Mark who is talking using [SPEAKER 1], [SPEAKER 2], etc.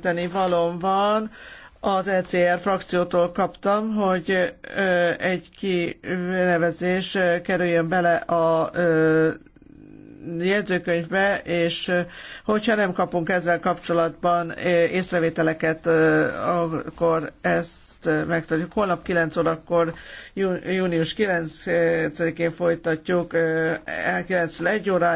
[SPEAKER 1] tenni valom van. Az ECR frakciótól kaptam, hogy egy kinevezés kerüljön bele a jegyzőkönyvbe, és hogyha nem kapunk ezzel kapcsolatban észrevételeket, akkor ezt megtudjuk. Holnap 9 órakor, június 9-én folytatjuk, 9 1
[SPEAKER 2] óráig.